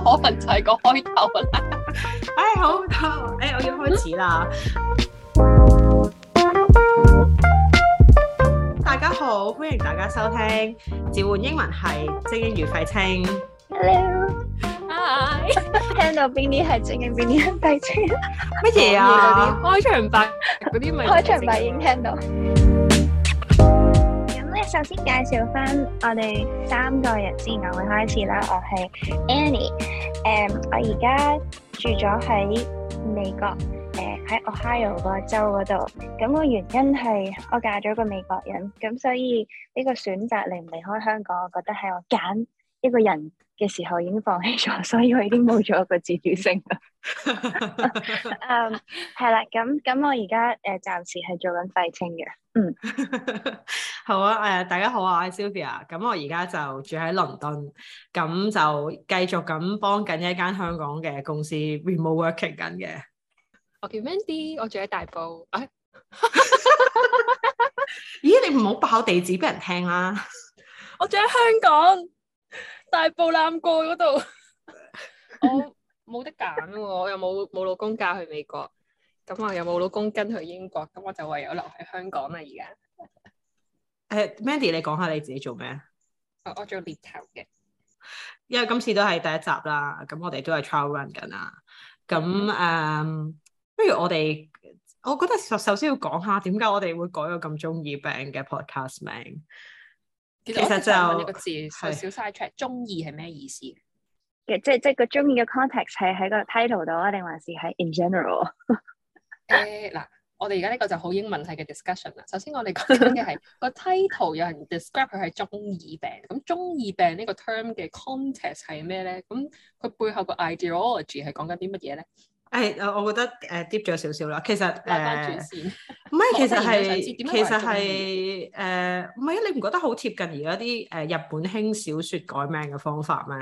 個可能就係個開頭啦，哎好，哎我要開始啦，大家好，歡迎大家收聽，召喚英文系精英與廢青，Hello，Hi，聽到邊啲係精英邊啲廢青？乜嘢啊？開場白嗰啲咪開場白已經聽到。首先介紹翻我哋三個人先，我會開始啦。我係 Annie，誒，um, 我而家住咗喺美國，誒、uh, 喺 Ohio 個州嗰度。咁、個原因係我嫁咗個美國人，咁所以呢個選擇嚟離唔離開香港，我覺得係我揀。一個人嘅時候已經放棄咗，所以我已經冇咗一個自主性啦、 um, 呃。嗯，係啦、 啊，咁、呃、咁我而家誒暫時係做緊廢青嘅。嗯，好啊，誒大家好啊，我係 Sylvia，咁我而家就住喺倫敦，咁、嗯、就繼續咁幫緊一間香港嘅公司 remote working 緊嘅。我叫 Mandy，我住喺大埔。哎、 咦，你唔好爆地址俾人聽啦、啊！ 我住喺香港。大埔南岸嗰度，我冇得揀喎，又冇冇老公嫁去美國，咁啊又冇老公跟去英國，咁我就唯有留喺香港啦而家。誒、 uh,，Mandy，你講下你自己做咩？我、uh, 我做獵頭嘅，因為今次都係第一集啦，咁我哋都係 trial run 緊啦，咁誒，mm hmm. um, 不如我哋，我覺得首首先要講下點解我哋會改咗咁中意病嘅 podcast 名。其實，我實其實就一個字，好少 side track, s i 是中意係咩意思？嘅即係即係個中意嘅 context 係喺個 title 度啊，定還是係 in general？誒、 呃，嗱，我哋而家呢個就好英文係嘅 discussion 啦。首先我哋講緊嘅係個 title 有人 describe 佢係中意病，咁中意病呢個 term 嘅 context 係咩咧？咁佢背後個 ideology 係講緊啲乜嘢咧？係，我覺得誒 deep 咗少少啦。其實誒，唔係，其實係，其實係誒，唔係啊！你唔覺得好貼近而家啲誒日本輕小說改名嘅方法咩？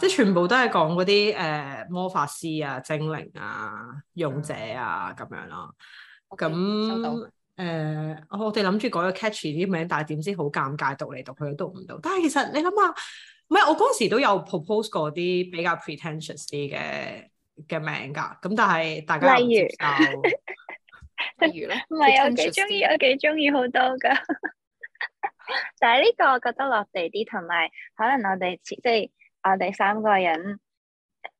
即係全部都係講嗰啲誒魔法師啊、精靈啊、勇者啊咁樣咯。咁誒，我哋諗住改個 catchy 啲名，但係點知好尷尬，讀嚟讀去都唔到。但係其實你諗下，唔係我嗰時都有 propose 過啲比較 pretentious 啲嘅，嘅名噶，咁但係大家不例如， 例如咧，唔係是 's 我幾中意，點我幾中意好多噶。 但係呢個，我覺得落地啲，同埋可能我哋即係我哋三個人，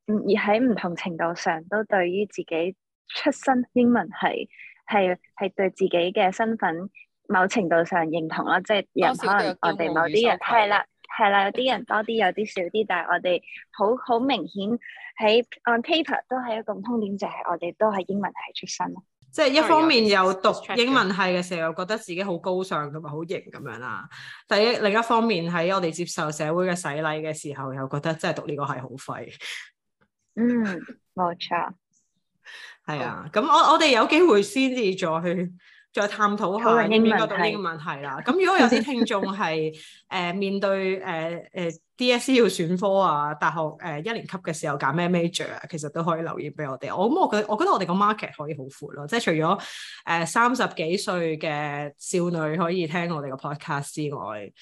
嗯，而喺唔同程度上都對於自己出身英文系，係係對自己嘅身份某程度上認同囉，即係又可能我哋某啲人係啦。係啦，有啲人多啲，有啲少啲，但係我哋好好明顯喺 on paper 都係一個通點，就係我哋都係英文系出身咯。即係一方面又讀英文系嘅時候，又覺得自己好高尚咁啊，好型咁樣啦。第一另一方面喺我哋接受社會嘅洗禮嘅時候，又覺得真係讀呢個系好廢。嗯，冇錯。係啊 的，咁 Okay. 我我哋有機會先至再去。再探討下呢個讀呢個問題啦。咁是如果有啲聽眾係誒、 呃、面對誒誒 DSE 要選科啊，大學誒、呃、一年級嘅時候揀咩 major 啊，其實都可以留言俾我哋。我咁我覺得我覺得我哋個 market 可以好闊咯。即係除咗誒三十幾歲嘅少女可以聽我哋個 podcast 之外，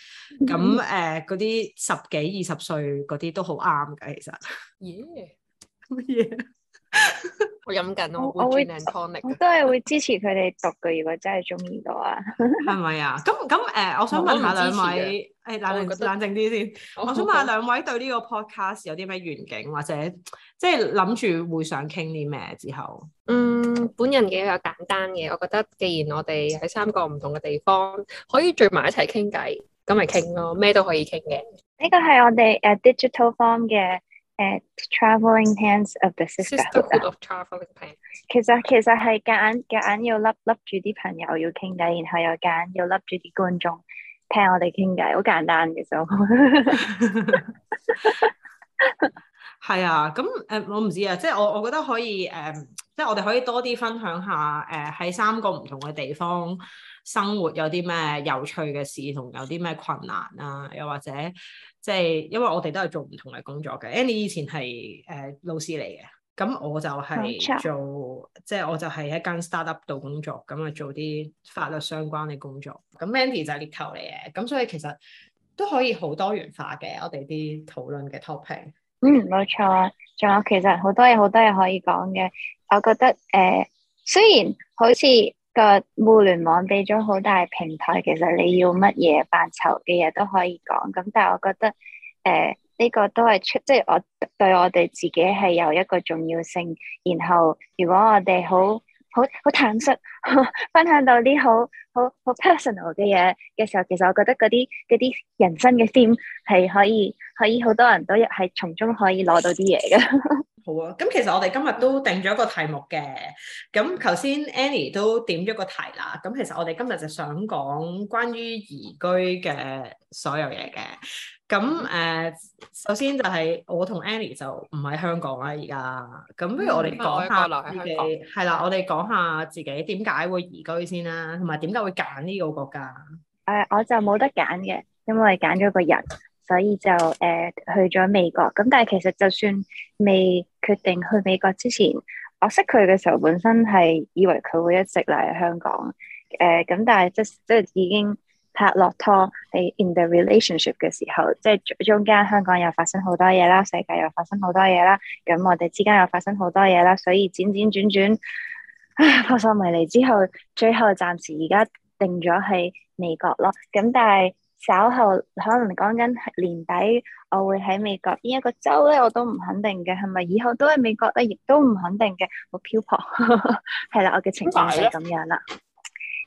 咁誒嗰啲十幾二十歲嗰啲都好啱㗎。其實，咦？乜嘢？ 我飲緊，我我會，我，會 我都係會支持佢哋讀嘅。如果真係中意嘅話，係 咪啊？咁咁誒，我想問下兩位，誒，冷靜冷靜啲先。我想問下兩位對呢個 podcast 有啲咩願景，或者即係諗住會想傾啲咩之後？嗯，本人嘅比較簡單嘅。我覺得既然我哋喺三個唔同嘅地方可以聚埋一齊傾偈，咁咪傾咯，咩都可以傾嘅。呢個係我哋誒 digital form 嘅。誒，traveling pants of the sister，, hood, sister of 其實其實係夾硬夾硬要笠笠住啲朋友要傾偈，然後又夾硬要笠住啲觀眾聽我哋傾偈，好簡單嘅就，係啊，咁誒、嗯、我唔知啊，即係我我覺得可以誒、嗯，即係我哋可以多啲分享下誒喺、嗯、三個唔同嘅地方生活有啲咩有趣嘅事，同有啲咩困難啊？又或者，即係因為我哋都係做唔同嘅工作嘅。Annie 以前係誒、呃、老師嚟嘅，咁我就係做，即係冇錯我就係一間 startup 度工作，咁啊做啲法律相關嘅工作。咁 Mandy 就係獵頭嚟嘅，咁所以其實都可以好多元化嘅。我哋啲討論嘅 topic，嗯冇錯，仲有其實好多嘢好多嘢可以講嘅。我覺得誒、呃，雖然好似。個互聯網俾咗好大平台，其實你要乜嘢範疇嘅嘢都可以講。咁但係我覺得，誒、呃、呢、這個都係出，即係我對我哋自己係有一個重要性。然後如果我哋好好好坦率分享到啲好好好 personal 嘅嘢嘅時候，其實我覺得嗰啲啲人生嘅 theme 係可以可以好多人都係從中可以攞到啲嘢嘅。 好啊，咁其實我哋今日都定咗個題目嘅，咁頭先 Annie 都點咗個題啦，咁其實我哋今日就想講關於移居嘅所有嘢嘅，咁誒、呃、首先就係我同 Annie 就唔喺香港啦，而家，咁不如我哋講下自己，係啦、嗯，我哋講下自己點解會移居先啦、啊，同埋點解會揀呢個國家？誒，uh, 我就冇得揀嘅，因為揀咗個人。所以就誒去咗美國，咁但係其實就算未決定去美國之前，我識佢嘅時候，本身係以為佢會一直嚟喺香港誒，咁但係即即係已經拍落拖，係 in the relationship 嘅時候，即係中中間香港又發生好多嘢啦，世界又發生好多嘢啦，咁我哋之間又發生好多嘢啦，所以轉轉轉，啊，撲朔迷離之後，最後暫時而家定咗喺美國咯，咁但係。稍後可能講緊年底，我會喺美、美國呢一個州咧，我都唔肯定嘅，係咪以後都喺美國咧，亦都唔肯定嘅，好漂泊，係啦，我嘅情況係咁樣啦。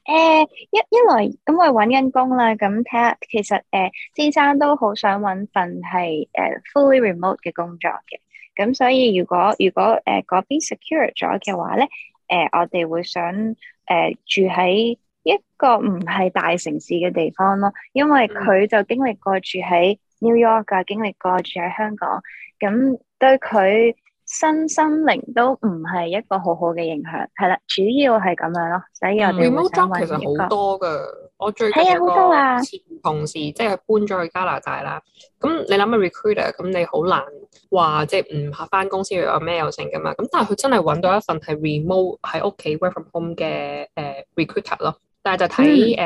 誒、嗯嗯，一一來咁我搵緊工啦，咁睇下，其實誒、呃，先生都好想搵份係誒、呃、fully remote 嘅工作嘅，咁所以如果如果誒嗰邊 secure 咗嘅話咧，誒、呃，我哋會想誒、呃、住喺。一個唔係大城市嘅地方咯，因為佢就經歷過住喺 New York，噶經歷過住喺香港，咁對佢身心靈都唔係一個好好嘅影響，係啦，主要係咁樣咯。所以我哋想揾一個。remote job 其實好多㗎，嗯、我最近有個前同事即係、嗯、搬咗去加拿大啦。咁你諗下 recruiter，咁你好難話即係唔嚇翻公司去 email 成㗎嘛？咁、就是、但係佢真係揾到一份係 remote 喺屋企 work from home 嘅誒 recruiter 咯。Uh, Rec 但係就睇誒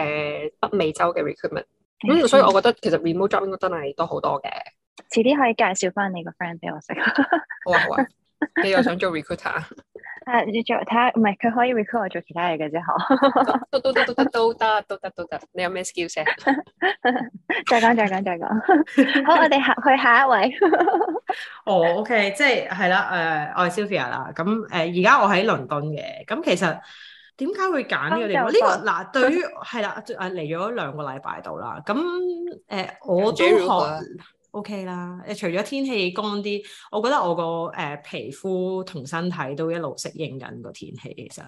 北美洲嘅 recruitment，咁所以我覺得其實 remote job 應該真係多好多嘅。遲啲可以介紹翻你個 friend 俾我識。好啊好啊，你又想做 recruiter 啊？誒，做睇下唔係佢可以 recruit 我做其他嘢嘅啫嗬。都得都得得得得得得得，你有咩 skillset？再講再講再講。好，我哋下去下一位。哦，OK，即係係啦，誒，我係 Sylvia 啦。咁誒，而家我喺倫敦嘅，咁其實。點解會揀呢、這個地方？呢、這個嗱，對於係啦，誒嚟咗兩個禮拜度啦。咁誒、呃、我都學、那個、OK 啦。誒，除咗天氣乾啲，我覺得我個誒、呃、皮膚同身體都一路適應緊個天氣，其實。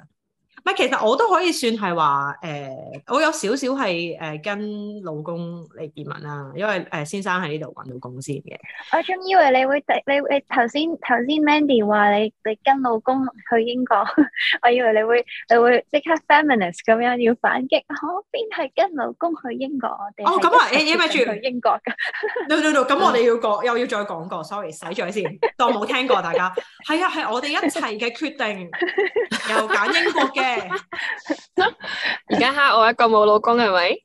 唔，其實我都可以算係話誒，我有少少係誒跟老公嚟移民啦，因為誒、呃、先生喺呢度揾到工先嘅。我仲以為你會，你你頭先頭先 Mandy 話你你跟老公去英國， 我以為你會你會即刻 feminist 咁樣要反擊，邊、哦、係跟老公去英國？我哋哦咁啊，誒，remember 住去英國㗎。咁我哋要講，又要再講過，sorry，洗咗先，當冇聽過，大家係 啊，係我哋一齊嘅決定，又揀英國嘅。 而家吓我一個冇老公係咪？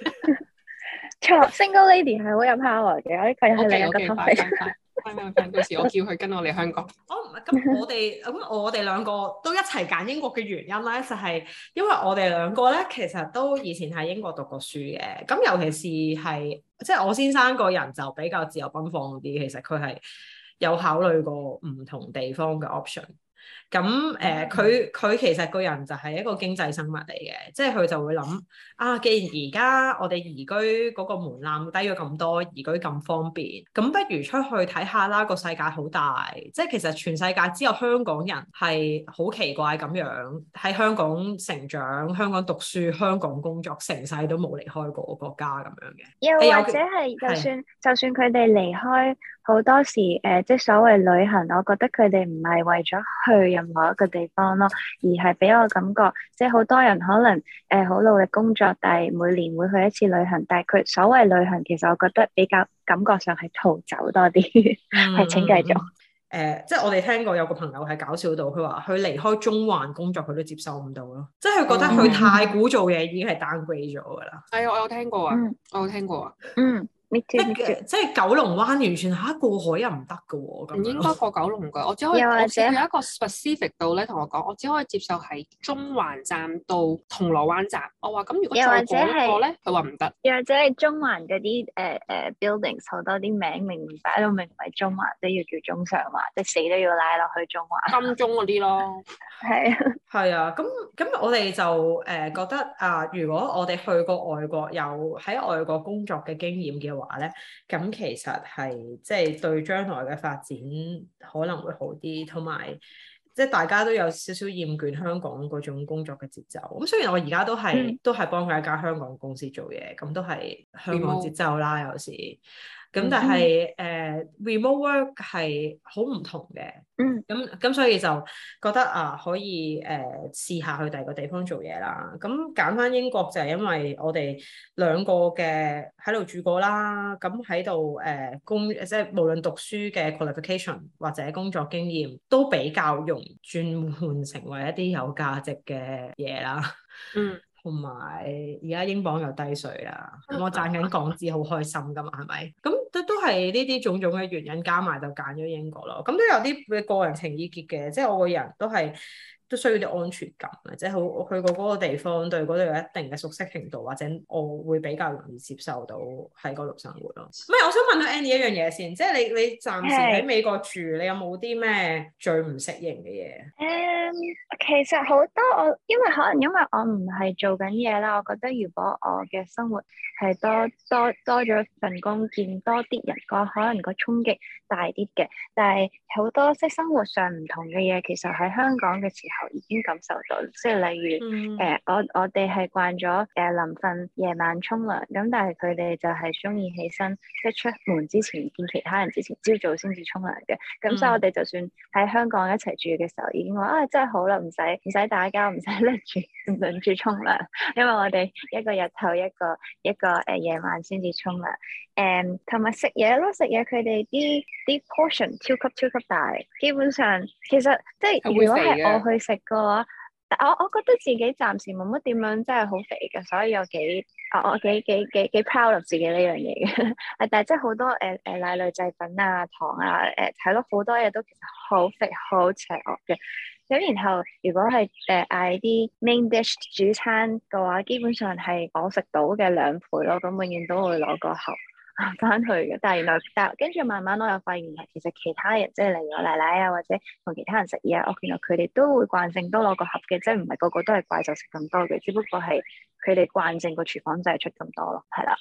坐 single lady 係好有下我嘅，佢啲計係靚嘅。快，快，快，快 到時我叫佢跟我嚟香港。哦、 oh,，咁 我哋咁我哋兩個都一齊揀英國嘅原因咧，就係、是、因為我哋兩個咧，其實都以前喺英國讀過書嘅。咁尤其是係，即、就、係、是、我先生個人就比較自由奔放啲，其實佢係有考慮過唔同地方嘅 option。咁誒，佢佢，呃嗯，其實個人就係一個經濟生物嚟嘅，即係佢就會諗啊，既然而家我哋移居嗰個門檻低咗咁多，移居咁方便，咁不如出去睇下啦，個世界好大，即係其實全世界只有香港人係好奇怪咁樣，喺香港成長、香港讀書、香港工作，成世都冇離開過個國家咁樣嘅。又或者係、哎，呀就算是就算佢哋離開好多時誒、呃，即係所謂旅行，我覺得佢哋唔係為咗去。任何一個地方咯，而係俾我感覺，即係好多人可能誒好、呃、努力工作，但係每年會去一次旅行，但係佢所謂旅行其實我覺得比較感覺上係逃走多啲。係、嗯、 請繼續。誒、呃，即係我哋聽過有個朋友係搞笑到，佢話佢離開中環工作佢都接受唔到咯，即係佢覺得去太古做嘢已經係 downgrade 咗噶啦。係啊、嗯哎，我有聽過啊，嗯、我有聽過啊，嗯。Me too, me too. 即即係九龍灣完全吓、啊、過海又唔得噶喎，唔應該過九龍噶，我只可以又或者我先有一個 specific 度咧，同我講，我只可以接受係中環站到銅鑼灣站。我話咁如果再過咧，佢話唔得。又或者係中環嗰啲誒誒 building 好多啲名明明擺到明係中環，即係要叫中上環，即係死都要拉落去中環。金鐘嗰啲咯，係 啊，係啊，咁咁我哋就誒覺得啊，如果我哋去過外國，有喺外國工作嘅經驗嘅。話咧咁，其實係即係對將來嘅發展可能會好啲，同埋即係大家都有少少厭倦香港嗰種工作嘅節奏。咁雖然我而家都係、嗯、都係幫佢一家香港公司做嘢，咁都係香港節奏啦，有時。咁、嗯、但係誒 remote work 係好唔同嘅，咁咁、嗯、所以就覺得啊、uh, 可以誒、uh, 試下去第二個地方做嘢啦。咁揀翻英國就係因為我哋兩個嘅喺度住過啦，咁喺度誒工即係、就是、無論讀書嘅 qualification 或者工作經驗都比較容易轉換成為一啲有價值嘅嘢啦。嗯。同埋而家英鎊又低水啦，我賺緊港紙好開心㗎嘛，係咪？ 咁都都係呢啲種種嘅原因加埋就揀咗英國咯。咁都有啲嘅個人情意結嘅，即係我個人都係。都需要啲安全感，即係好，我去過嗰個地方，對嗰度有一定嘅熟悉程度，或者我會比較容易接受到喺嗰度生活咯。唔係，我想問下 Annie 一樣嘢先，即係你你暫時喺美國住，是你有冇啲咩最唔適應嘅嘢？誒、嗯，其實好多我，因為可能因為我唔係做緊嘢啦，我覺得如果我嘅生活係多多多咗份工，見多啲人，個可能個衝擊大啲嘅，但係好多即係生活上唔同嘅嘢，其實喺香港嘅時候。已經感受到、嗯呃呃，即係例如誒，我我哋係慣咗誒臨瞓夜晚沖涼，咁但係佢哋就係中意起身即係出門之前見其他人之前，朝早先至沖涼嘅。咁、呃嗯、所以我哋就算喺香港一齊住嘅時候，已經話啊真係好啦，唔使唔使打交，唔使拎住唔擸住沖涼，因為我哋一個日頭一個一個誒、呃、夜晚先至沖涼。誒同埋食嘢咯，食嘢佢哋啲啲 portion 超級超級大，基本上其實即係如果係我去。食過，但我我覺得自己暫時冇乜點樣，真係好肥嘅，所以我幾我我幾我幾幾幾 proud 自己呢樣嘢嘅。係， 但係即係好多誒誒奶類製品啊、糖啊、誒睇到好多嘢都其實好肥好邪惡嘅。咁然後如果係誒嗌啲 main dish 主餐嘅話，基本上係我食到嘅兩倍咯。咁永遠都會攞個盒翻去嘅，但係原來但跟住慢慢，我又發現原來其實其他人即係例如我奶奶啊，或者同其他人食嘢，我原來佢哋都會慣性都攞個盒嘅，即係唔係個個都係怪就食咁多嘅，只不過係佢哋慣性個廚房就係出咁多咯，係啦。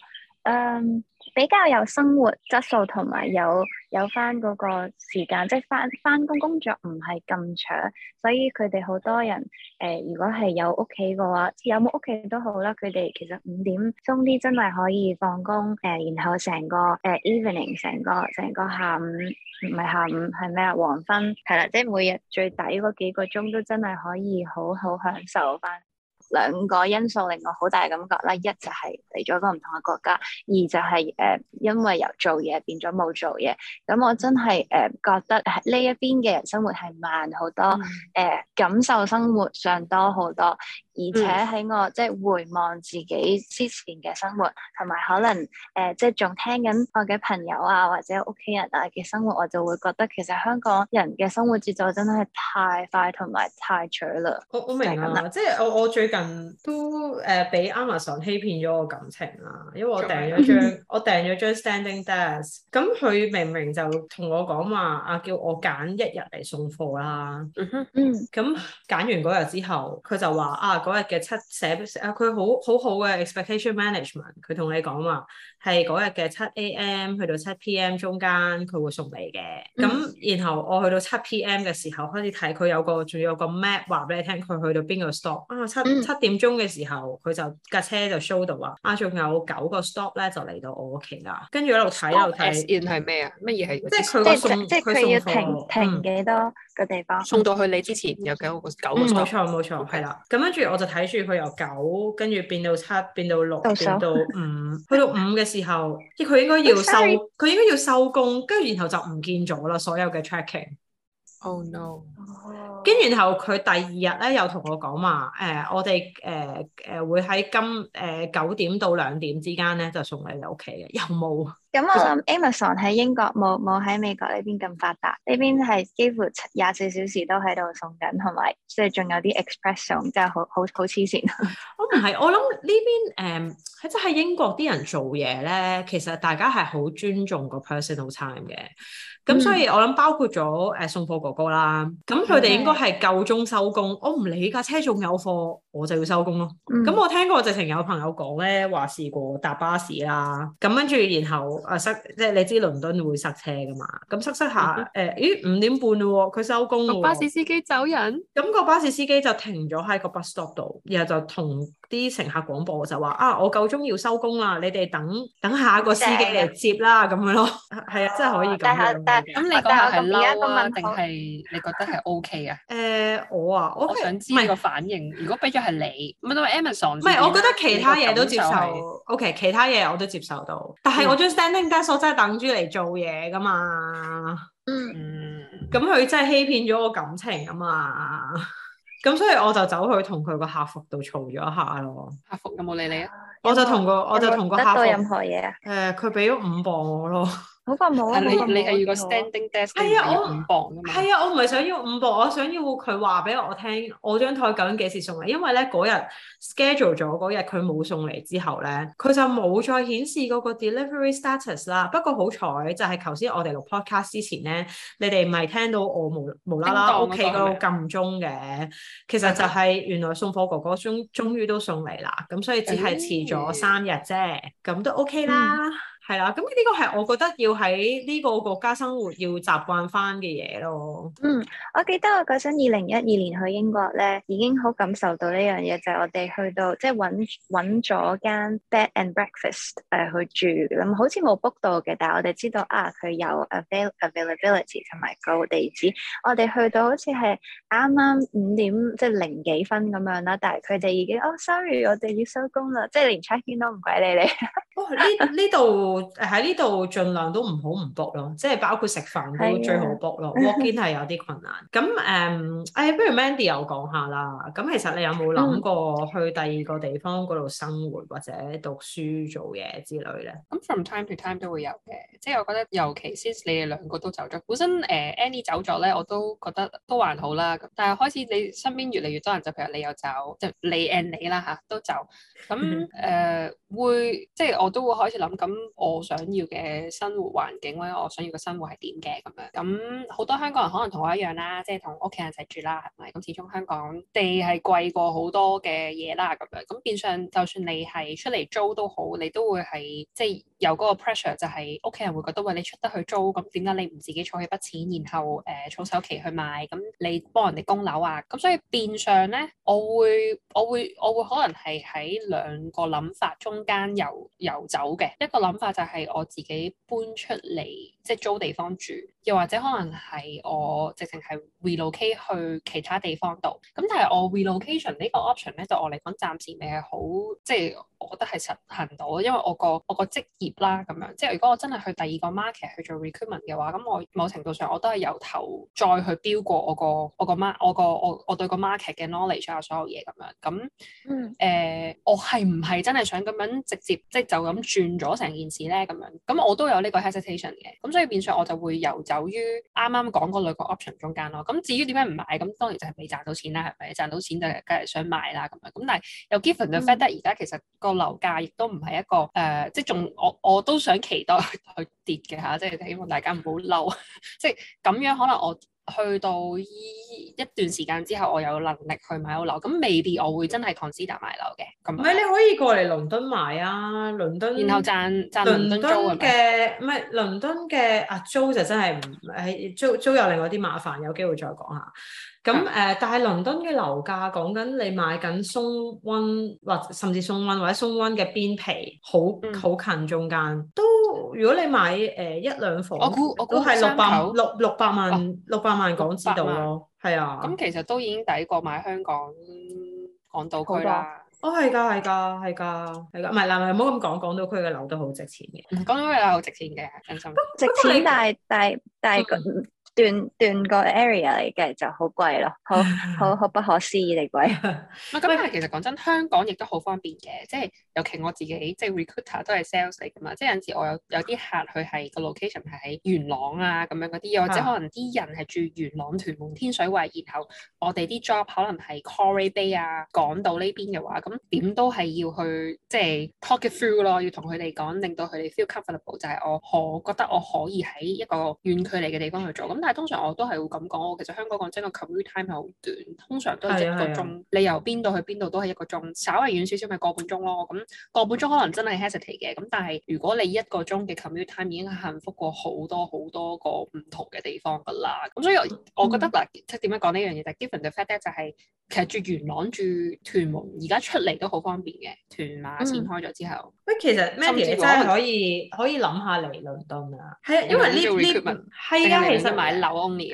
嗯，um, 比較有生活質素同埋有有返嗰個時間，即係返返工工作唔係咁長，所以佢哋好多人誒、呃，如果係有屋企嘅話，有冇屋企都好啦。佢哋其實五點鐘啲真係可以放工誒，然後成個誒、呃、Evening，成個成個下午唔係下午，係咩啊？黃昏係啦，即係每日最底嗰幾個鐘都真係可以好好享受返。兩個因素令我好大感覺啦，一就係嚟咗一個唔同嘅國家，二就係、是、誒、呃，因為由做嘢變咗冇做嘢，咁我真係誒、呃、覺得呢一邊嘅人生活係慢好多，誒、嗯呃、感受生活上多好多。而且喺我即係回望自己之前嘅生活，同埋可能誒、呃、即係仲聽緊我嘅朋友啊，或者屋企人啊嘅生活，我就會覺得其實香港人嘅生活節奏真係太快同埋太攰啦。我明白我明啦，即係我我最近都誒俾、呃、Amazon 欺騙咗我感情啦，因為我訂咗張我訂咗張 Standing Desk，咁佢明明就同我講話啊，叫我揀一日嚟送貨啦。嗯哼，咁、嗯、揀完嗰日之後，佢就話啊～啊啊啊啊啊啊啊啊嗰日嘅七寫啊，佢好好好嘅 expectation management，佢同你講話，係嗰日嘅七 am 去到七 pm 中間，佢會送你嘅。咁然後我去到七 pm 嘅時候開始睇佢有個仲有個 map 話俾你聽，佢去到邊個 stop 啊？七七點鐘嘅時候佢就架車就 show 到啊。啊，仲有九個 stop 咧，就嚟到我屋企啦。跟住一路睇一路睇，in 係咩啊？乜嘢係？即係佢個送，即係佢要停停幾多個地方？送到去你之前有九個。九個。冇錯，冇錯，係啦。咁跟住。我就睇住佢由九跟住變到七，變到六，變到五， 去到五嘅時候，佢應該要收，佢應該要收工，跟住然後就唔見咗啦，所有嘅 tracking。Oh no！跟住然後佢第二日咧又同我講話，誒、呃，我哋誒誒會喺今誒九、呃、點到兩點之間咧就送嚟你屋企嘅，有冇？咁我諗 Amazon 喺英國冇冇喺美國呢邊咁發達，呢邊係幾乎廿四小時都喺度送緊，同埋即係仲有啲 express 送，真係好好好黐線。我唔係，我諗呢邊誒，即係英國啲人做嘢咧，其實大家係好尊重個 personal time 嘅。咁、嗯、所以我諗包括咗誒、呃、送貨哥哥啦，咁佢哋應該係夠鐘收工，我唔理架車仲有貨，我就要收工咯。咁、嗯、我聽過直情有朋友講咧，話試過搭巴士啦，咁跟住然後。然後啊塞，即係你知倫敦會塞車㗎嘛，咁塞塞下，誒、mm hmm. 呃，咦，五點半嘞喎，佢收工喎，巴士司機走人，咁個巴士司機就停咗喺個 bus stop 度，然後就同啲乘客廣播就話啊，我夠鐘要收工啦，你哋等等下一個司機嚟接啦，咁、嗯、樣咯，係啊，真係可以咁樣。咁你講下係嬲啊，定係你覺得係 OK 啊？誒、呃，我啊，okay, 我想知個反應。是如果俾咗係你，唔係 Amazon，唔係我覺得其他嘢都接受，受 OK，其他嘢我都接受到。但係我將 Standing Desk 真係等住嚟做嘢噶嘛？嗯，咁佢、嗯、真係欺騙咗我感情啊嘛！咁所以我就走去同佢個客服度嘈咗一下咯。客服有冇理你啊？我就同個有冇，我就同個客服得到任何嘢啊？誒，佢俾咗五磅我咯。好個，冇。咁你你係要個 standing desk 係啊、哎呀哎，我係啊，我唔係想要五磅，我想要佢話俾我聽，我張台究竟幾時送嚟？因為咧嗰日 schedule 咗嗰日佢冇送嚟之後咧，佢就冇再顯示嗰個 delivery status 啦。不過好彩就係頭先我哋錄 podcast 之前咧，你哋唔係聽到我無無啦啦屋企嗰個撳鐘嘅，其實就係原來送貨哥哥終終於都送嚟啦，咁所以只係遲咗三日啫，咁都 OK 啦。嗯。係啦，咁呢個係我覺得要喺呢個國家生活要習慣翻嘅嘢咯。嗯，我記得我嗰陣二零一二年去英國咧，已經好感受到呢樣嘢，就係、是、我哋去到即係揾揾咗間 bed and breakfast 誒、呃、去住，咁、嗯、好似冇 book 到嘅，但係我哋知道啊，佢有 avail availability 同埋個地址。我哋去到好似係啱啱五點即係零幾分咁樣啦，但係佢哋已經哦，sorry，我哋要收工啦，即係連 check in 都唔鬼理你。哦，呢呢度。喺呢度盡量都唔好唔 book 咯，即係包括食飯都最好 book 咯。Walk in 係有啲困難。咁誒， 誒、um, 哎，不如 Mandy 又講下啦。咁其實你有冇諗過去第二個地方嗰度生活或者讀書、做嘢之類咧？咁 from time to time 都會有嘅。即係我覺得，尤其 since 你哋兩個都走咗，本身誒、呃、Annie 走咗咧，我都覺得都還好啦。但係開始你身邊越嚟越多人就譬如你又走，即係你 and 你啦嚇都走。咁誒、嗯哼呃、會即係我都會開始諗咁。我想要嘅生活環境或者我想要嘅生活係點嘅？咁樣，咁好多香港人可能同我一樣啦，即係同屋企人一齊住啦，係咪？咁始終香港地係貴過好多嘅嘢啦，咁樣咁變相，就算你係出嚟租都好，你都會係即係。有嗰個 pressure 就係屋企人會覺得喂你出得去租，咁點解你唔自己儲起筆錢，然後誒儲、呃、首期去買，咁你幫人哋供樓啊？咁所以變相咧，我會我會我會可能係喺兩個諗法中間游遊走嘅。一個諗法就係我自己搬出嚟即係租地方住，又或者可能係我直情係 relocate 去其他地方度。咁但係我 relocation 呢個 option 咧對我嚟講暫時未係好，即係我覺得係實行到，因為我個我個職業。啦咁樣，即係如果我真係去第二個 market 去做 recruitment 嘅話，咁我某程度上我都係由頭再去標過我個我個 mark，我個我我對個 market 嘅 knowledge 啊，所有嘢咁樣，咁誒、嗯呃、我係唔係真係想咁樣直接即係就咁轉咗成件事咧？咁樣，咁我都有呢個 hesitation 嘅，咁所以變相我就會游走於啱啱講嗰兩個 option 中間咯。咁至於點解唔買？咁當然就係未賺到錢啦，係咪？賺到錢就梗係想買啦，咁樣。咁但係又 given the fact that 而家其實個樓價亦都唔係一個誒、呃，即係仲我。我都想期待佢跌嘅吓，即係希望大家唔好嬲，即係咁樣可能我。去到依一段時間之後，我有能力去買屋樓，咁未必我會真係 consider 買樓嘅。咁唔係你可以過嚟倫敦買啊，倫敦。然後賺賺倫敦嘅，唔係倫敦嘅麥啊，就租就真係唔係租，租有另外啲麻煩，有機會再講下。咁、嗯、誒、呃，但係倫敦嘅樓價講緊你買緊 Zone 1或甚至 Zone 1或者 Zone 1嘅邊皮，好好近中間都，如果你買誒一兩房， 我估我估係六百六六百萬六百。萬港紙道咯，係啊，咁其實都已經抵過買香港港島區啦。哦，係㗎，係㗎，係㗎，係㗎，唔係，嗱，係，唔好咁講，港島區嘅樓都好值錢嘅。唔港島區樓好值錢嘅，真心。 值錢大，但係但係但係。 斷斷個 area 嚟嘅就好貴咯，好好好不可思議地貴。咁但係其實講真，香港亦都好方便嘅，即係尤其我自己即係 recruiter 都係 sales 嚟㗎嘛，即係有陣時我有有啲客佢係個 location 係喺元朗啊，咁樣嗰啲嘢，或者可能啲人係住元朗屯門天水圍，然後我哋啲 job 可能係 Quarry Bay 啊，港島呢邊嘅話，咁點都係要去即係 talk it through 咯，要同佢哋講，令到佢哋 feel comfortable，就係我可我覺得我可以喺一個遠距離嘅地方去做咁。但通常我都係會咁講，我其實香港講真個 commute time 係好短，通常都係一個鐘。啊、你由邊度去邊度都係一個鐘，稍微遠少少咪個半鐘咯。咁、個半鐘可能真係 hesitate 嘅。咁但係如果你一個鐘嘅 commute time 已經幸福過好多好多個唔同嘅地方㗎啦。咁所以我我覺得嗱，嗯、即係點樣講呢樣嘢？就係 given the fact that 就係、是、其實住元朗住屯門，而家出嚟都好方便嘅。屯馬先開咗之後，喂、嗯，其實 Mandy 你真係可以可以諗下嚟倫敦啊。係啊，因為呢呢係而家其實。其實留屋企，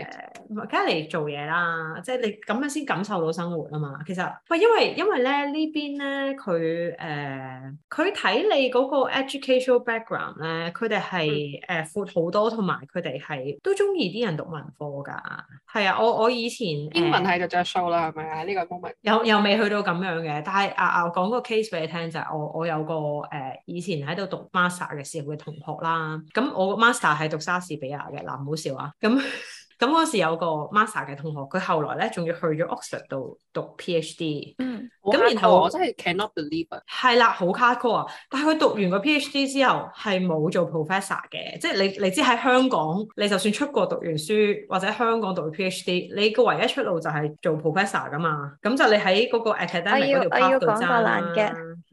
梗係嚟做嘢啦。即係你咁樣先感受到生活啊嘛。其實，喂，因為因為咧呢邊咧佢誒佢睇你嗰個 educational background 咧，佢哋係誒闊好多，嗯、同埋佢哋係都中意啲人讀文科㗎。係啊，我我以前、呃、英文係就著數啦，係咪啊？呢個科目，又又未去到咁樣嘅。但係啊啊講個 case 俾你聽就係、是、我我有個誒以前喺度讀 master 嘅時候嘅同學啦。咁我 master 係讀莎士比亞嘅嗱，唔好笑啊。咁咁嗰時有個 master 嘅同學，佢後來咧仲要去咗 Oxford 度讀 PhD。讀 Ph 嗯，咁然後我真係 cannot believe 啊！係啦，好卡酷啊！但係佢讀完個 PhD 之後係冇做 professor 嘅，即係你你知喺香港，你就算出國讀完書或者香港讀 PhD，你個唯一出路就係做 professor 噶嘛。咁就你喺嗰個 academic 嗰條 path 度爭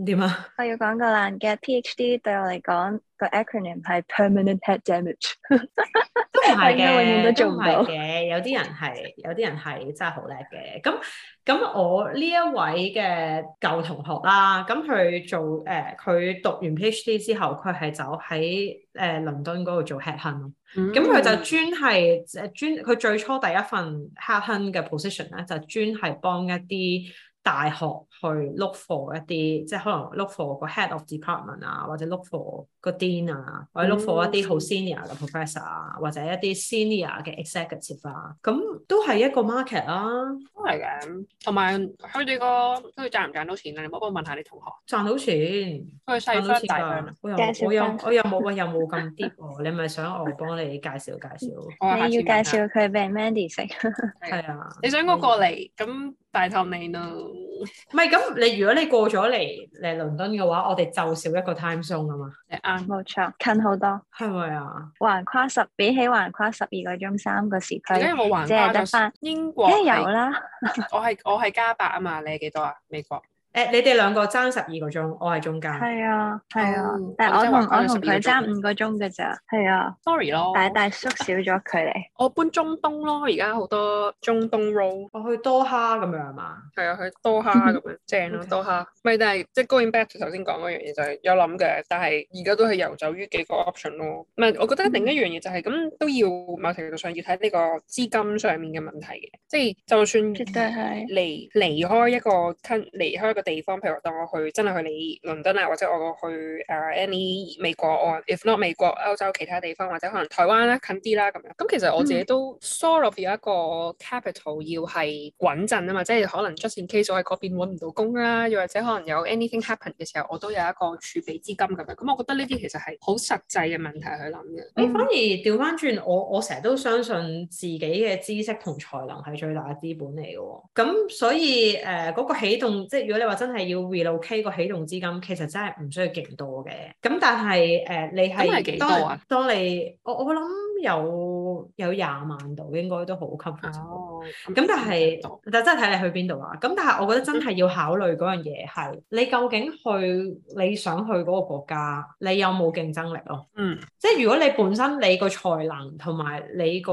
點啊？我要講個爛嘅 PhD 對我嚟講。個 acronym 係 permanent head damage，都唔係嘅， 永遠都做唔到嘅。有啲人係，有啲人係真係好叻嘅。咁咁，我呢一位嘅舊同學啦，咁佢做誒，佢、呃、讀完 PhD 之後，佢係走喺誒、呃、倫敦嗰度做 head hon、mm。咁、hmm. 佢就專係誒專，佢最初第一份 head hon 嘅 position 咧，就專係幫一啲大學。去 look for 一啲，即係可能 look for 個 head of department 啊，或者 look for 個 Dean 啊，或者 look for 一啲好 senior 嘅 professor 啊，或者一啲 senior 嘅 executive 啊，咁都係一個 market 啊，都係嘅，同埋佢哋個佢哋賺唔賺到錢啊？你唔好唔好問下你同學賺到錢，分賺到、啊、大㗎、啊。我有我有我有冇我有冇咁 deep？啊、你咪想我幫你介紹介紹。 我有你要介紹佢俾 Mandy 食係啊？你想我過嚟咁拜託你咯。唔係咁，你如果你過咗嚟嚟倫敦嘅話，我哋就少一個 time zone 啊嘛。啊，冇錯，近好多，係咪啊？橫跨十比起橫跨十二個鐘三個時區，即係得翻英國梗係有啦。 我係我係加八啊嘛，你係幾多啊？美國？欸、你哋兩個爭十二個鐘，我係中間。係啊，係啊，但係我同我同佢爭五個鐘嘅咋？係啊，sorry 咯，大大縮小咗距離。我搬中東咯，而家好多中東 row。我去多哈咁樣嘛？係、嗯、啊，去多哈咁樣，嗯、正咯、啊，okay. 多哈。咪但係即係 going back to 頭先講嗰樣嘢，就係有諗嘅，但係而家都係遊走於幾個 option 咯。咪我覺得另一樣嘢就係、是、咁、嗯、都要某程度上要睇呢個資金上面嘅問題嘅，即係就算離離開一個，離開一個。地方，譬如話當我去真係去你倫敦啊，或者我去誒 any 美國，or if not 美國歐洲其他地方，或者可能台灣啦近啲啦咁。咁其實我自己都 sort of 有一個 capital 要係穩陣啊嘛，即係可能 just in case 喺嗰邊揾唔到工啦，又或者可能有 anything happen 嘅時候，我都有一個儲備資金咁樣。咁我覺得呢啲其實係好實際嘅問題去諗嘅。你反而調翻轉，我我成日都相信自己嘅知識同才能係最大嘅資本嚟嘅。咁所以誒嗰個起動，即係如果你。話真係要 relocate 個啟動資金，其實真係唔需要勁多嘅。咁但係，誒、呃，你係幾多啊當當你我我諗有有廿萬度應該都好 cover 咁。嗯嗯、但係，嗯、但真係睇你去邊度啊。咁但係，我覺得真係要考慮嗰樣嘢係你究竟去你想去嗰個國家，你有冇競爭力咯、啊？嗯，即係如果你本身你個才能同埋你個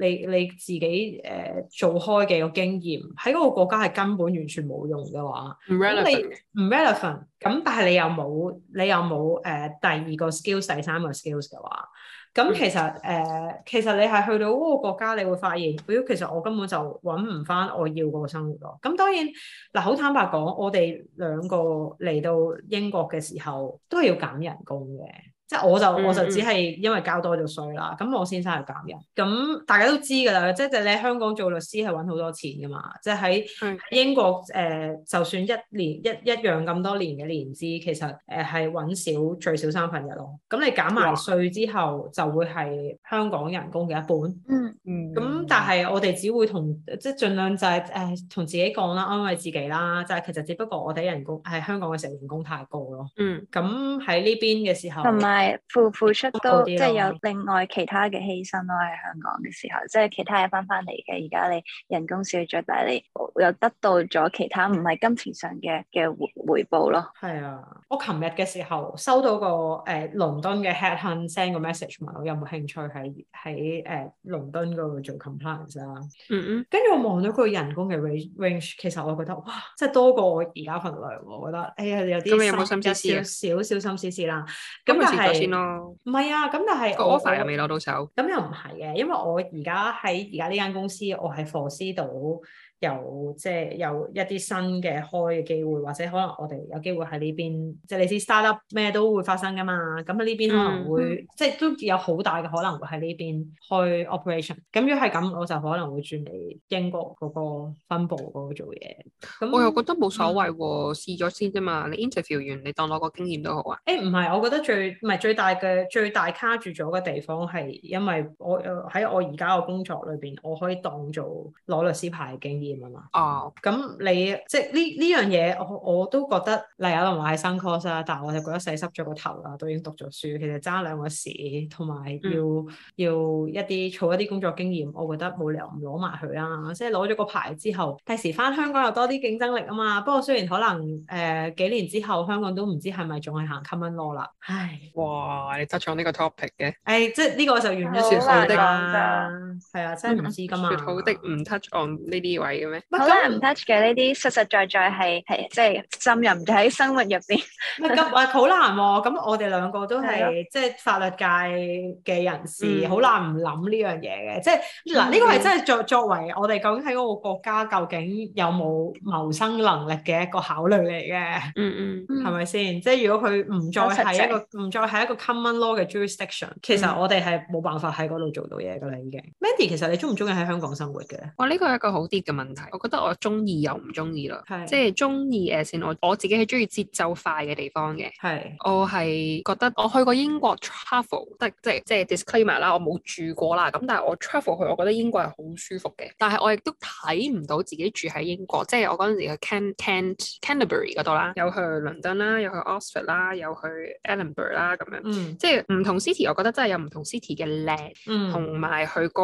你你自己誒、呃、做開嘅個經驗喺嗰個國家係根本完全冇用嘅話。嗯、你唔 relevant，咁但係你又冇你又冇誒第二個 skills、第三個 skills 嘅話，咁其實誒、uh, 其實你係去到嗰個國家，你會發現，屌其實我根本就揾唔返我要個生活咯。咁當然嗱，好、呃、坦白講，我哋兩個嚟到英國嘅時候，都係要減人工嘅。即係我就我就只係因為交多咗稅啦，咁我先生係減人，咁大家都知㗎啦，即係你喺香港做律師係揾好多錢㗎嘛，即係喺英國誒，就算一年一一樣咁多年嘅年資，其實誒係揾少最少三分一咯，咁你減埋稅之後就會係香港人工嘅一半，嗯，咁但係我哋只會同即係儘量就係誒同自己講啦，安慰自己啦，就係其實只不過我哋人工喺香港嘅時候人工太高咯，嗯，咁喺呢邊嘅時候係付付出都、啊、即係有另外其他嘅犧牲咯，喺香港嘅時候，即係其他嘢翻翻嚟嘅，而家你人工少咗，但係你，又得到咗其他唔係金錢上嘅嘅回回報咯。係啊，我琴日嘅時候收到個誒倫、呃、敦嘅 headhunter send 個 message 問我有冇興趣喺喺誒倫敦嗰度做 compliance 啦、啊。嗯嗯，跟住我望到佢人工嘅 range range，其實我覺得哇，即係多過我而家份量。我覺得哎呀，有啲咁有冇心思思？少少，少少心思思啦。咁咪試咗先咯。唔係啊，咁但係個 offer 又未攞到手。咁又唔係嘅，因為我而家喺而家呢間公司，我喺房師度。有即係有一啲新嘅開嘅機會，或者可能我哋有機會喺呢邊，即係你知 startup 咩都會發生噶嘛。咁喺呢邊、嗯嗯、可能會即係都有好大嘅可能會喺呢邊開 operation。咁如果係咁，我就可能會轉嚟英國嗰個分部嗰度做嘢。咁我又覺得冇所謂喎、啊，嗯、試咗先啫嘛。你 interview 完，你當攞個經驗都好啊。誒唔係，我覺得最唔係最大嘅最大卡住咗嘅地方係因為我喺我而家嘅工作裏邊，我可以當做攞律師牌嘅經驗。哦，咁你即係呢呢樣嘢，我我都覺得，例如有人話係新 course 啦，但係我就覺得洗濕咗個頭啦，都已經讀咗書，其實揸兩個試，同埋要、嗯、要一啲儲一啲工作經驗，我覺得冇理由唔攞埋佢啦。即係攞咗個牌之後，第時返香港有多啲競爭力啊嘛。不過雖然可能誒、呃、幾年之後香港都唔知係咪仲係行 common law 啦。唉，哇，你 touch on 呢個 topic 嘅，誒，即係呢個我就遠一少少。好的，係啊，啊，真係唔知㗎嘛。好的，唔 touch on 呢啲位。但好難唔 touch 嘅呢啲，實實在在係係即係浸淫喺生活入邊。咁唔好難喎、哦。咁我哋兩個都係的即係法律界嘅人士，好、嗯、難唔諗呢樣嘢嘅。即係嗱，呢個係真係作作為我哋究竟喺嗰個國家究竟有冇謀生能力嘅一個考慮嚟嘅。嗯嗯,嗯嗯，係咪先？即係如果佢唔再係一個唔再係一,一個 common law 嘅 jurisdiction，其實我哋係冇辦法喺嗰度做到嘢㗎喇已經。嗯、Mandy，其實你中唔中意喺香港生活嘅？我呢個係一個好啲嘅問題。我覺得我中意又唔中意啦，即係中意誒先，我我自己係中意節奏快嘅地方嘅，的我係覺得我去過英國 travel，得即係即係 disclaimer 啦，我冇住過啦，咁但係我 travel 去，我覺得英國係好舒服嘅，但係我亦都睇唔到自己住喺英國，即係我嗰陣時去 Kent Canterbury 嗰度啦，有去倫敦啦，有去 Oxford 啦，有去 Edinburgh 啦咁樣，嗯、即係唔同 city，我覺得真係有唔同 city 嘅靚、嗯，同埋佢個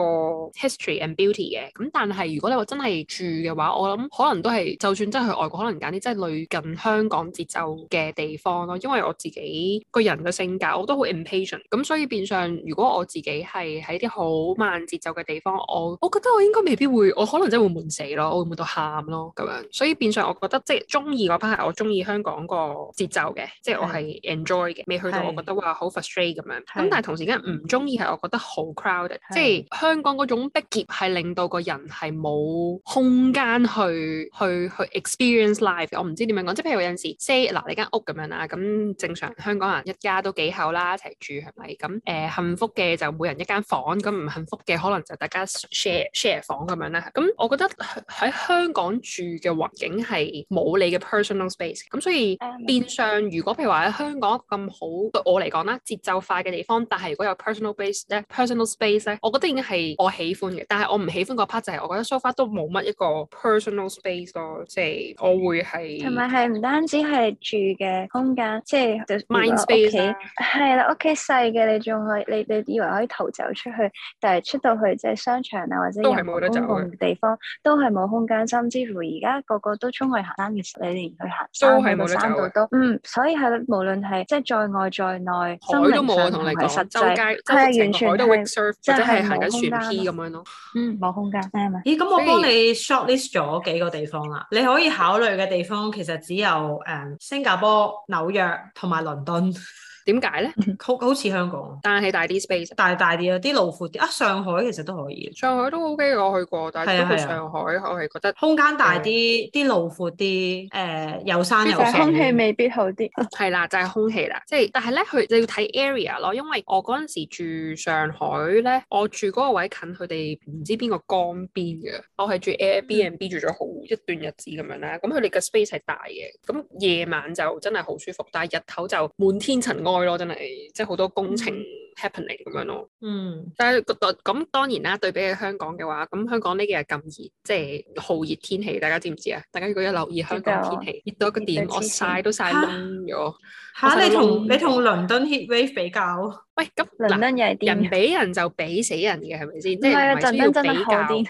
history and beauty 嘅，咁但係如果你話真係住嘅話，我諗可能都係，就算真係去外國，可能揀啲真係類近香港節奏嘅地方咯。因為我自己個人嘅性格，我都好 impatient，咁所以變相如果我自己係喺啲好慢節奏嘅地方，我我覺得我應該未必會，我可能真係會悶死咯，我會悶到喊咯咁樣。所以變相我覺得即係中意嗰 part，係我中意香港個節奏嘅，即係我係 enjoy 嘅，未去到我覺得話好 frustrate 咁樣。咁的但係同時間唔中意係我覺得好 crowded，的即係的香港嗰種逼劫係令到個人係冇空間去去去 experience life，我唔知點樣講，即係譬如有陣時 say 嗱你間屋咁樣啦，咁正常香港人一家都幾好啦，一齊住係咪？咁誒、呃、幸福嘅就每人一間房，咁唔幸福嘅可能就大家 share share 房咁樣啦。咁我覺得喺香港住嘅環境係冇你嘅 personal space，咁所以變相如果譬如話喺香港咁好對我嚟講啦，節奏快嘅地方，但係如果有 personal space 咧，personal space 咧，我覺得已經係我喜歡嘅。但係我唔喜歡個 part 就係我覺得 so far 都冇乜。個 personal space 咯，即係我會係同埋係唔單止係住嘅空間，即係 mind space 啊。係啦，屋企細嘅你仲可以，你你以為可以逃走出去，但係出到去即係商場啊，或者任何公共地方都係冇空間。甚至乎而家個個都衝去行山嘅，你連去行山都係冇得走。嗯，所以係無論係即係在外在內，海都冇我同你講。周街周國城海都 wake surf 或者係行緊船 P 咁樣咯。嗯，冇空間係咪？咦？咁我幫你。Shortlist 咗幾個地方啦，你可以考慮嘅地方其實只有誒、um，新加坡、紐約同埋倫敦。 點解咧？呢好好似香港，但係大啲 space，大大啲啊，啲路闊啲。啊，上海其實都可以，上海都 OK，我去過，但係都去上海，啊、我係覺得空間大啲，啲、嗯、路闊啲，誒、呃，有山有水，空氣未必好啲，係啦， 就係、是、空氣啦，即係但係咧，佢你要睇 area 咯，因為我嗰陣時住上海咧，我住嗰個位近佢哋唔知邊個江邊嘅，我係住 Airbnb 住咗好一段日子咁樣啦，咁佢哋嘅 space 係大嘅，咁夜晚就真係好舒服，但係日頭就滿天塵開咯，真係即係好多工程 happening 咁樣咯。嗯，但係覺得咁當然啦，對比起香港嘅話，咁香港呢幾日咁熱，即係酷熱天氣，大家知唔知啊？大家如果有留意是香港天氣，是熱到一個點，我晒都晒懵咗。嚇哈！你同你同倫敦 heatwave 比較？咁，倫敦又係啲人比人就比死人嘅，係咪先？即係一陣間真係好啲，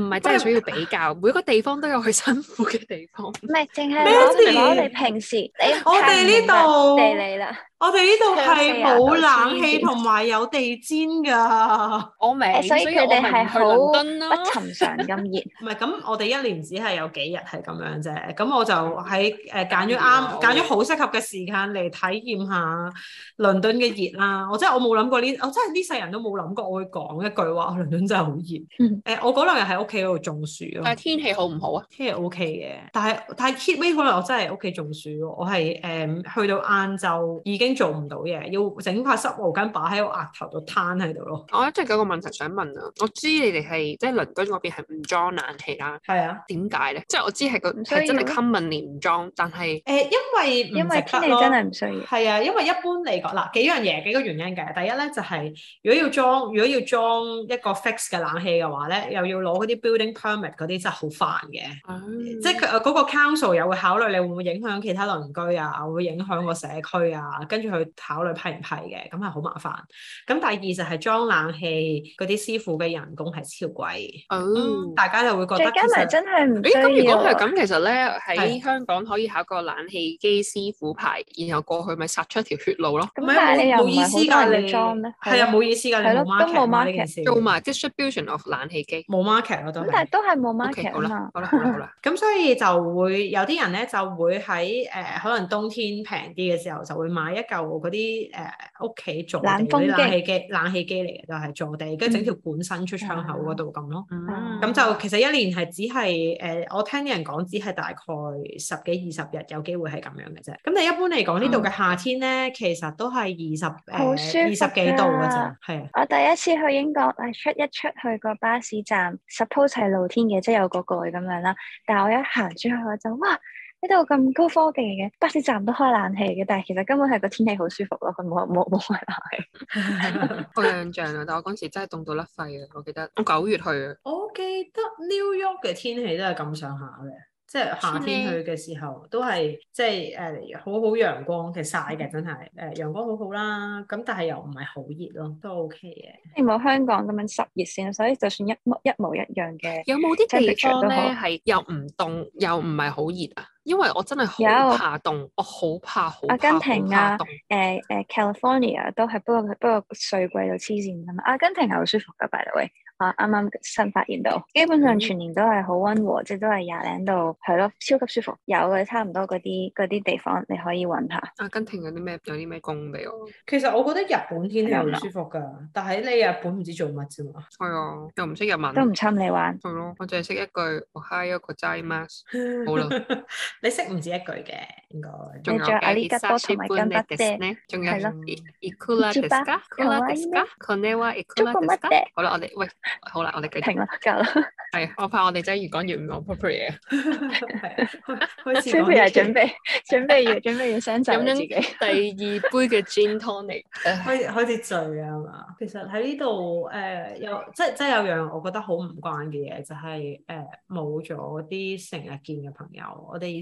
唔係真係需要比較。每個地方都有佢辛苦嘅地方。唔係，淨係攞攞你平時，我哋呢度地理啦。我哋呢度係冇冷氣同埋有地氈㗎。我明，所以我係去倫敦咯，不尋常咁熱。唔係，咁我哋一年只係有幾日係咁樣啫。咁我就喺誒揀咗啱，揀咗好適合嘅時間嚟體驗下倫敦嘅熱啦。我即係我。冇諗過呢，我真係呢世人都冇諗過，我會講一句話，倫敦真係好熱。誒、 呃，我嗰兩日喺屋企嗰度中暑咯。但係天氣好唔好啊？天氣 OK 嘅，但係但係 heatwave 可能我真係喺屋企中暑咯。我係誒、嗯、去到晏晝已經做唔到嘢，要整塊濕毛巾擺喺我額頭度攤喺度咯。我一真係有個問題想問啊，我知你哋係即係倫敦嗰邊係唔裝冷氣啦。係啊。點解咧？即、就、係、是、我知係個係真係 common 年唔裝，但係誒、呃，因為因為天氣真係唔需要。係啊，因為一般嚟講，嗱幾樣嘢幾個原因。第一咧就係、是，如果要裝，如果要裝一個 fix 嘅冷氣嘅話咧，又要攞嗰啲 building permit 嗰啲，真係好煩嘅。哦、即係嗰個 council 又會考慮你會唔會影響其他鄰居啊，會影響個社區啊，跟住去考慮批唔批嘅，咁係好麻煩。咁第二就係裝冷氣嗰啲師傅嘅人工係超貴。哦、大家就會覺得。加埋真係唔，咁、欸、如果係咁，其實咧喺香港可以考個冷氣機師傅牌，然後過去咪殺出一條血路咯。咁但冇意思㗎你裝咧係啊，冇意思㗎，係咯，都冇 market 做埋 distribution of 冷氣機，冇 market 我都。但係都係冇 market 嘛。好啦，好啦，好啦。咁所以就會有啲人咧就會喺誒可能冬天平啲嘅時候就會買一嚿嗰啲誒屋企做嗰啲冷氣機，冷氣機嚟嘅就係座地，跟住整條管伸出窗口嗰度咁咯。咁就其實一年係只係誒，我聽啲人講只係大概十幾二十日有機會係咁樣嘅啫。咁但一般嚟講呢度嘅夏天咧，其實都係二十誒。二十幾度嘅咋，係。我第一次去英國，係出一出去個巴士站，suppose 露天嘅，即有個蓋咁樣啦。但係我一行出去我就，哇！呢度咁高科技嘅，巴士站都開冷氣嘅，但係其實根本係個天氣好舒服咯，佢冇冇冇開冷氣。我有印象啊，但我嗰陣時真係凍到甩肺啊！我記得，我九月去啊。我記得 New York 嘅天氣都係咁上下嘅。即係夏天去嘅時候，都係即係誒、呃、好好陽光嘅晒嘅，真係誒、呃、陽光好好啦。咁但係又唔係好熱咯，都 OK 嘅。你冇香港咁樣濕熱先，所以就算一，一模一模一樣嘅，有冇啲地方咧係又唔凍又唔係好熱啊？嗯因為我真係好怕凍，我好怕好怕凍，阿根廷啊，誒誒，California 都係，不過不過稅貴到黐線噶。阿根廷係好舒服噶，by the way，啊，啱啱新發現到，基本上全年都係好溫和，嗯、即都係廿零度，係咯，超級舒服。有嘅，差唔多嗰啲啲地方你可以揾下。阿根廷有啲咩有啲咩工俾我？其實我覺得日本天氣好舒服噶，服的但係你日本唔知做乜啫嘛。係啊，又唔識日文，都唔侵你玩。係咯，我淨係識一句，我 hi 一個 James, 好啦了。 你識唔止一句嘅，應該。仲有嘅，イサチパンデスね，仲有イイ，好啦，我哋喂。好啦，我哋繼續。停啦，夠 我怕我哋真係越講越唔好 appropriate 開始 準備準備嘢，準備嘢，生仔自己。 準備第二杯嘅 gin tonic 嚟，開 開始醉啊嘛。其實喺呢度誒，有即即有樣我覺得好唔慣嘅嘢，就係誒冇咗啲成日見嘅朋友，我哋。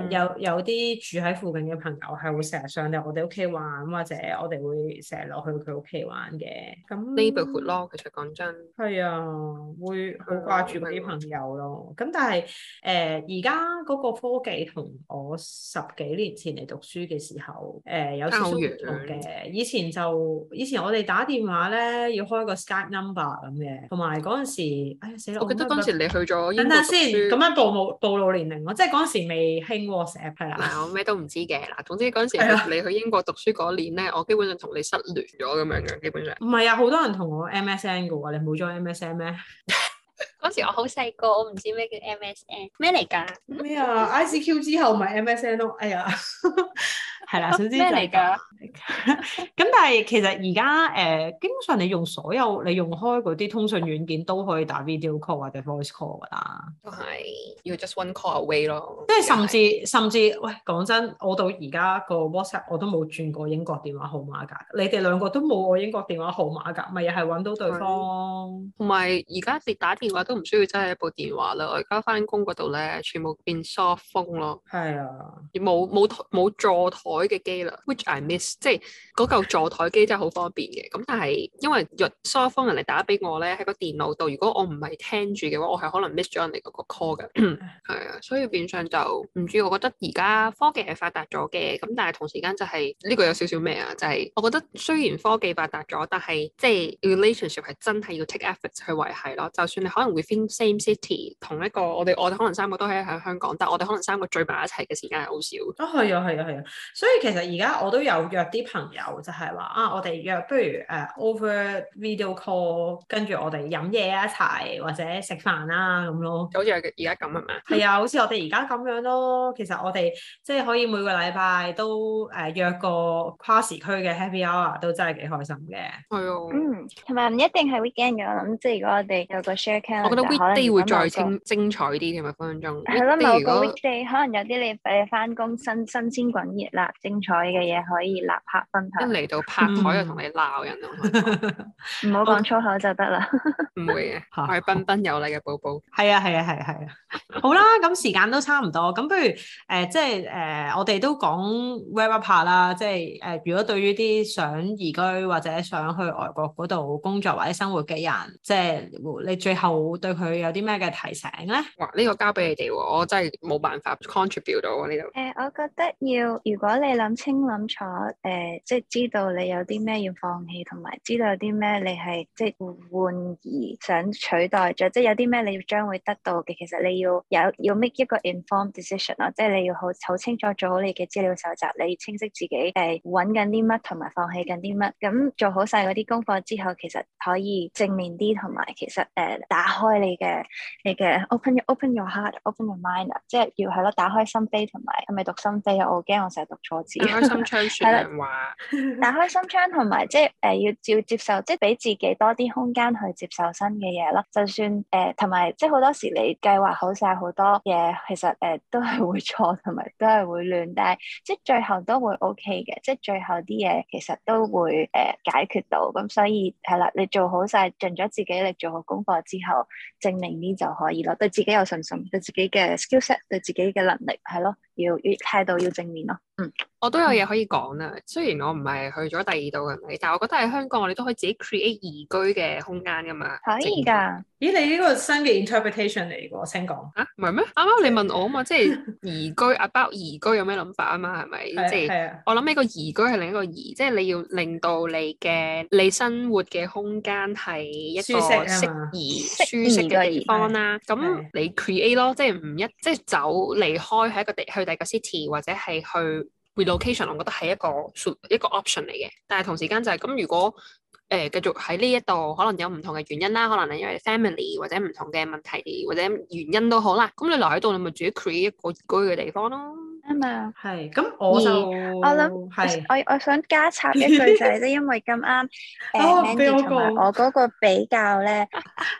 有有啲住喺附近嘅朋友係會成日上嚟我哋屋企玩，或者我哋會成日落去佢屋企玩嘅。咁 neighbourhood 咯，其實講真係啊，會好掛住嗰啲朋友咯。咁 但係誒，而家嗰個科技同我十幾年前嚟讀書嘅時候誒、呃、有少少唔同嘅。以前就以前我哋打電話咧要開個 Skype number 咁嘅，同埋嗰陣時，哎呀死啦！我記得嗰陣時你去咗，等下先咁樣暴露暴露年齡，我即係嗰陣時未興喎。WhatsApp、啊、我咩都唔知嘅嗱。總之嗰陣時 你去英國讀書嗰年咧，我基本上同你失聯咗咁樣嘅，基本上。唔係啊，好多人同我 MSN 嘅喎，你冇裝 MSN 咩？ 嗰時我好細個，我唔知咩叫 MSN，咩嚟㗎？咩 啊？ICQ 之後咪 MSN 咯，哎呀，係 啦，總之咩嚟㗎？咁 但係其實而家、呃、基本上你用所有你用開嗰啲通訊軟件都可以打 video call 或者 voice call 㗎啦，都係要 just one call away 咯。即係甚至的甚至喂，講真，我到而家個 WhatsApp 我都冇轉過英國電話號碼㗎，你哋兩個都冇我英國電話號碼㗎，咪又係揾到對方。同埋而家連打電話都唔需要真係一部電話啦，我而家翻工嗰度咧，全部變 soft phone 咯。係啊的，冇冇冇座檯嘅機啦。Which I miss， 即係嗰嚿座檯機真係好方便嘅。咁但係因為若 soft phone 人嚟打俾我咧，喺個電腦度，如果我唔係聽住嘅話，我係可能 miss 咗人哋嗰個 call 嘅。係啊， 所以變相就唔知。我覺得而家科技係發達咗嘅，咁但係同時間就係呢個有少少咩啊？就係我覺得雖然科技發達咗，但係即係 relationship 係真係要 take efforts 去維繫咯。就算你可能會～same city，同一個我哋我哋可能三個都喺喺香港，但係我哋可能三個聚埋一齊嘅時間係好少。都係啊，係啊，係啊，所以其實而家我都有約啲朋友，就係、是、話啊，我哋約不如誒、uh, over video call，跟住我哋飲嘢一齊或者食飯啦咁咯。好似而家咁係咪？係啊， 好似我哋而家咁樣咯。其實我哋即係可以每個禮拜都誒、啊、約個跨時區嘅 happy hour，都真係幾開心嘅。係啊的，嗯，同埋唔一定係 weekend 嘅，我諗即係如果我哋有個 share cale 我覺得 weekday 會再精精彩啲嘅嘛，分分鐘。係咯，如果 weekday 可能有啲你你翻工新新鮮滾熱辣、精彩嘅嘢可以立刻分享。一嚟、嗯、到拍台就同你鬧人唔好講粗口就得啦。唔 會嘅，我係彬彬有禮嘅寶寶。係啊， 係啊，係係啊。好啦，咁時間都差唔多，咁不如誒、呃，即係誒、呃，我哋都講 wrap up 啦。即係誒、呃，如果對於啲想移居或者想去外國嗰度工，工作或者生活嘅人，即係你最後，對佢有啲咩嘅提醒咧？哇！呢、這個交俾你哋喎，我真係冇辦法 contribute 到呢度。誒、呃，我覺得要，如果你諗清諗楚，誒、呃，即係知道你有啲咩要放棄，同埋知道有啲咩你係即係換而想取代咗，即係有啲咩你要將會得到嘅。其實你要有要 make 一個 informed decision 咯，即係你要好好清楚做好你嘅資料搜集，你要清晰自己誒揾緊啲乜同埋放棄緊啲乜。咁做好晒嗰啲功課之後，其實可以正面啲同埋其實誒、呃、打開你嘅，你嘅 open，open your heart，open your mind，即係要係咯，打開心扉同埋，係咪讀心扉啊？我驚我成日讀錯字。 打開心窗，係啦。打開心窗同埋，即係誒要照接受，即係俾自己多啲空間去接受新嘅嘢咯。就算誒同埋，呃、即係好多時你計劃好晒好多嘢，其實誒都係會錯同埋都係會亂，但係即係最後都會 OK 嘅。即係最後啲嘢其實都會誒解決到。咁所以係啦，你做好晒，盡咗自己力做好功課之後。證明呢就可以咯，對自己有信心，對自己嘅 skill set，對自己嘅能力係咯。要，態度要正面咯。嗯，我都有嘢可以講啦。雖然我唔係去咗第二度係咪？但係我覺得喺香港，我哋都可以自己 create 宜居嘅空間㗎嘛。可以㗎。咦？你呢個新嘅 interpretation 嚟㗎？我先講啊，唔係咩？啱啱你問我啊嘛，即係宜居 about 宜居有咩諗法啊嘛，係咪？係啊。我諗起個宜居係另一個宜，即係你要令到你嘅你生活嘅空間係一個適宜舒適嘅地方啦。咁你 create 咯，即係唔一，即係走離開喺一個地。去第個 city 或者係去 relocation，我覺得係一個一個 option 嚟嘅。但係同時間就係、是、咁，如果誒、呃、繼續喺呢一度，可能有唔同嘅原因啦，可能係因為 family 或者唔同嘅問題或者原因都好啦。咁你留喺度，你咪自己 create 一個宜居嘅地方咯。啊嘛，係，咁我就我諗是我我想加插一句仔啫， 因為咁啱誒，Mandy 同埋、 uh, 我嗰個比較咧，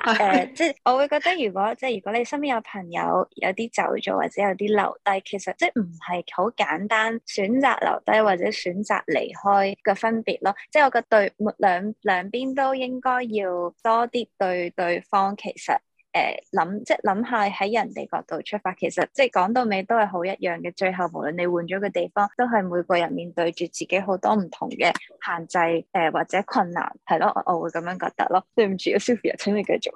誒， uh, 即係我會覺得，如果即係如果你身邊有朋友有啲走咗，或者有啲留低，其實即係唔係好簡單選擇留低或者選擇離開嘅分別咯，即係我覺對兩兩邊都應該要多啲對對方其實。誒諗、uh,，即係諗下喺人哋角度出發，其實即係講到尾都係好一樣嘅。最後無論你換咗個地方，都係每個人面對住自己好多唔同嘅限制，誒、uh, 或者困難，係咯，我我會咁樣覺得咯。對唔住啊，Sylvia，請你繼續。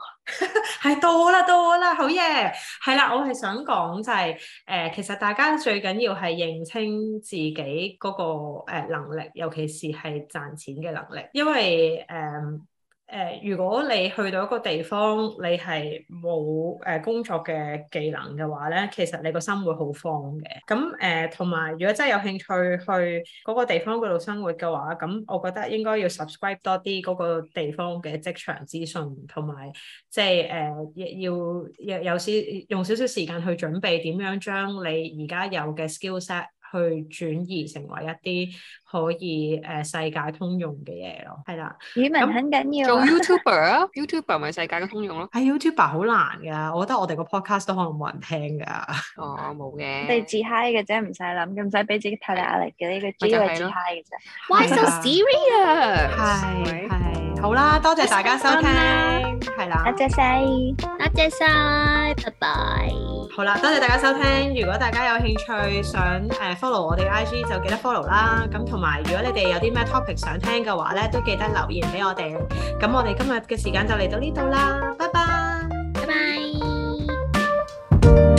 係 到啦，到啦，好嘢，係啦，我係想講就係、是，誒、呃，其實大家最緊要係認清自己嗰個誒能力，尤其是係賺錢嘅能力，因為誒。呃誒，如果你去到一個地方，你係冇誒工作嘅技能嘅話咧，其實你個心會好慌嘅。咁誒，同、呃、埋如果真係有興趣去嗰個地方嗰度生活嘅話，咁我覺得應該要 subscribe 多啲嗰個地方嘅職場資訊，同埋即係誒要有少用少少時間去準備點樣將你而家有嘅 skill set。去轉移成為一啲可以誒世界通用嘅嘢咯，係啦，語文很緊要。做 YouTuber 啊，YouTuber 咪世界嘅通用咯。係 YouTuber 好難㗎，我覺得我哋個 podcast 都可能冇人聽㗎。哦，冇嘅。你哋自嗨嘅啫，唔使諗嘅，唔使俾自己太大壓力嘅，呢個主要係自嗨嘅啫。Why so serious？係係好啦，多謝大家收聽，係啦，多謝曬，多謝曬，拜拜。好啦，多謝大家收聽。如果大家有興趣想、呃、follow 我哋嘅 IG，就記得 follow 啦。咁同埋，如果你哋有啲咩 topic 想聽嘅話咧，都記得留言俾我哋。咁我哋今日嘅時間就嚟到呢度啦，拜拜，拜拜。